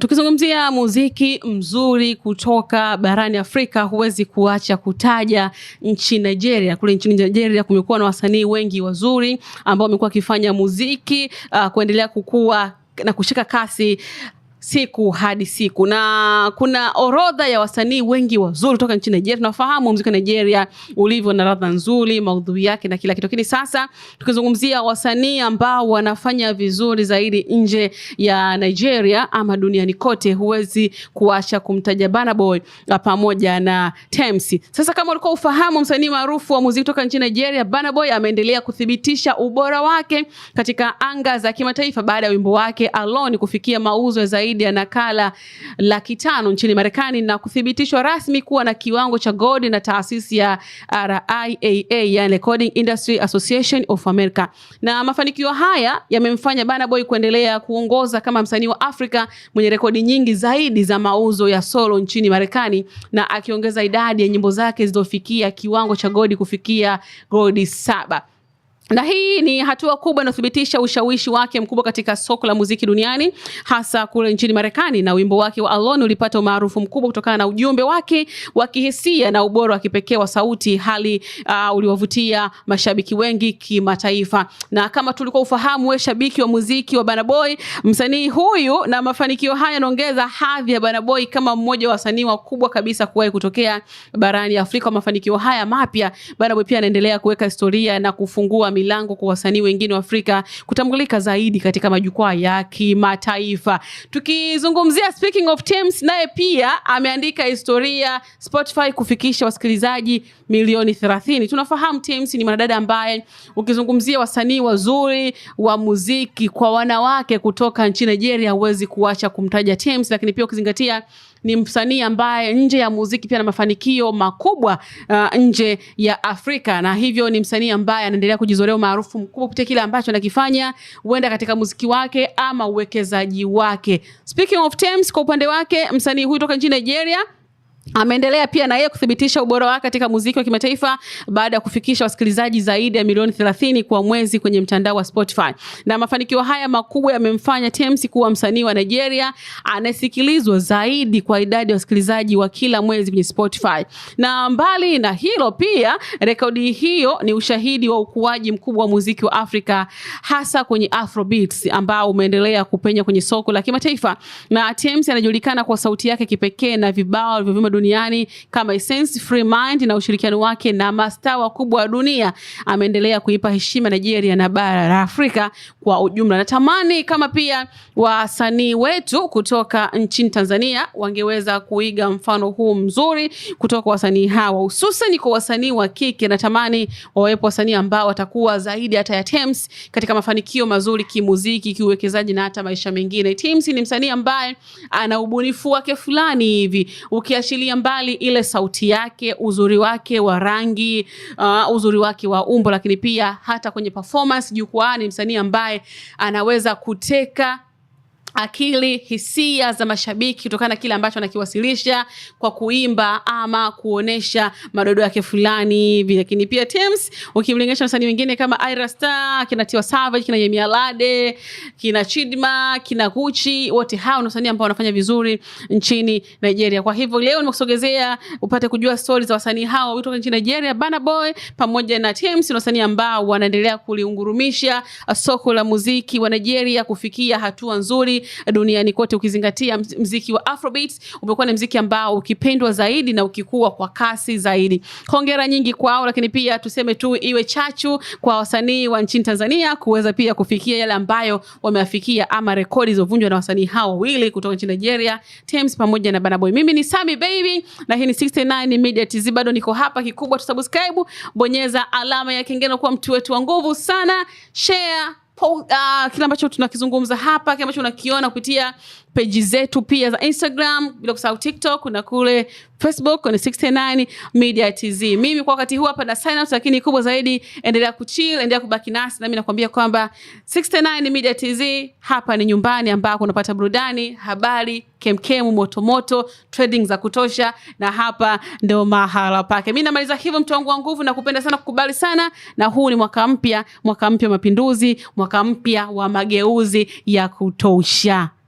Tukizungumzia muziki mzuri kutoka barani Afrika, huwezi kuacha kutaja nchi Nigeria. Kule nchini Nigeria kumekuwa na wasanii wengi wazuri ambao wamekuwa wakifanya muziki uh, kuendelea kukua na kushika kasi siku hadi siku, na kuna orodha ya wasanii wengi wazuri kutoka nchini Nigeria. Tunafahamu muziki wa Nigeria ulivyo na ladha nzuri, maudhui yake na kila kitu, lakini sasa tukizungumzia wasanii ambao wanafanya vizuri zaidi nje ya Nigeria ama duniani kote, huwezi kuacha kumtaja Burna Boy ah, pamoja na Tems. Sasa kama ulikuwa ufahamu, msanii maarufu wa muziki kutoka nchini Nigeria Burna Boy ameendelea kuthibitisha ubora wake katika anga za kimataifa baada ya wimbo wake Alone kufikia mauzo zaidi zaidi ya nakala laki tano nchini Marekani na kuthibitishwa rasmi kuwa na kiwango cha gold na taasisi ya RIAA, yani Recording Industry Association of America. Na mafanikio haya yamemfanya Burna Boy kuendelea kuongoza kama msanii wa Afrika mwenye rekodi nyingi zaidi za mauzo ya solo nchini Marekani na akiongeza idadi ya nyimbo zake zilizofikia kiwango cha gold kufikia gold saba na hii ni hatua kubwa inayothibitisha ushawishi wake mkubwa katika soko la muziki duniani hasa kule nchini Marekani. Na wimbo wake wa Alone ulipata umaarufu mkubwa kutokana na ujumbe wake wa kihisia na ubora wa kipekee wa sauti, hali uh, uliovutia mashabiki wengi kimataifa. Na kama tulikuwa ufahamu, we shabiki wa muziki wa Burna Boy, msanii huyu na mafanikio haya yanaongeza hadhi ya Burna Boy kama mmoja wa wasanii wakubwa kabisa kuwahi kutokea barani Afrika. Mafanikio haya mapya, Burna Boy pia anaendelea kuweka historia na kufungua milango kwa wasanii wengine wa Afrika kutambulika zaidi katika majukwaa ya kimataifa. Tukizungumzia speaking of Tems, naye pia ameandika historia Spotify kufikisha wasikilizaji milioni 30. Tunafahamu Tems ni mwanadada ambaye ukizungumzia wasanii wazuri wa muziki kwa wanawake kutoka nchini Nigeria, huwezi kuacha kumtaja Tems, lakini pia ukizingatia ni msanii ambaye nje ya muziki pia na mafanikio makubwa uh, nje ya Afrika, na hivyo ni msanii ambaye anaendelea kujizolea maarufu mkubwa kupitia kile ambacho anakifanya, huenda katika muziki wake ama uwekezaji wake. Speaking of terms, kwa upande wake msanii huyu toka nchini Nigeria Ameendelea pia na yeye kuthibitisha ubora wake katika muziki wa kimataifa baada ya kufikisha wasikilizaji zaidi ya milioni 30 kwa mwezi kwenye mtandao wa Spotify. Na mafanikio haya makubwa yamemfanya Tems kuwa msanii wa Nigeria anayesikilizwa zaidi kwa idadi ya wasikilizaji wa kila mwezi kwenye Spotify. Na mbali na hilo, pia rekodi hiyo ni ushahidi wa ukuaji mkubwa wa muziki wa Afrika hasa kwenye Afrobeats ambao umeendelea kupenya kwenye soko la kimataifa. Na Tems anajulikana kwa sauti yake kipekee na vibao duniani kama Essence, Free Mind na ushirikiano wake na mastaa wakubwa wa dunia ameendelea kuipa heshima Nigeria na bara la Afrika kwa ujumla. Natamani kama pia wasanii wetu kutoka nchini Tanzania wangeweza kuiga mfano huu mzuri kutoka kwa wasanii hawa, hususan kwa wasanii wa kike. Natamani wawepo wasanii ambao watakuwa zaidi hata ya Tems katika mafanikio mazuri kimuziki, kiuwekezaji na hata maisha mengine. Tems ni msanii ambaye ana ubunifu wake fulani hivi ukiashiria Tukiachilia mbali ile sauti yake, uzuri wake wa rangi, uh, uzuri wake wa umbo, lakini pia hata kwenye performance jukwaa, ni msanii ambaye anaweza kuteka akili hisia za mashabiki kutokana na kile ambacho anakiwasilisha kwa kuimba ama kuonesha madodo yake fulani hivi. Lakini pia Tems, ukimlinganisha msanii mwingine kama Ira Star, kina Tiwa Savage, kina Yemi Alade, kina Chidma, kina Kuchi, wote hao ni wasanii ambao wanafanya vizuri nchini Nigeria. Kwa hivyo leo nimekusogezea upate kujua stories za wasanii hao kutoka nchini Nigeria. Burna Boy pamoja na Tems ni wasanii ambao wanaendelea kuliungurumisha soko la muziki wa Nigeria kufikia hatua nzuri duniani kote, ukizingatia mziki wa Afrobeats umekuwa ni mziki ambao ukipendwa zaidi na ukikua kwa kasi zaidi. Hongera nyingi kwao, lakini pia tuseme tu iwe chachu kwa wasanii wa nchini Tanzania kuweza pia kufikia yale ambayo wameafikia ama rekodi zilizovunjwa na wasanii hao wawili kutoka nchini Nigeria, Tems pamoja na Burna Boy. Mimi ni Sami Baby na hii ni 69 Media TZ, bado niko hapa. Kikubwa tusubscribe, bonyeza alama ya kengele, kuwa mtu wetu wa nguvu sana, share uh, kile ambacho tunakizungumza hapa, kile ambacho unakiona kupitia peji zetu pia za Instagram, bila kusahau TikTok na kule Facebook kwenye 69 Media TZ. Mimi kwa wakati huu hapa na sign out, lakini kubwa zaidi, endelea kuchill, endelea kubaki nasi, nami nakwambia kwamba 69 Media TZ hapa ni nyumbani ambako unapata burudani, habari kemkemu, motomoto, trading za kutosha, na hapa ndio mahala pake. Mimi namaliza hivyo, mtu wangu wa nguvu, na kupenda sana, kukubali sana, na huu ni mwaka mpya, mwaka mpya wa mapinduzi, mwaka mpya wa mageuzi ya kutosha.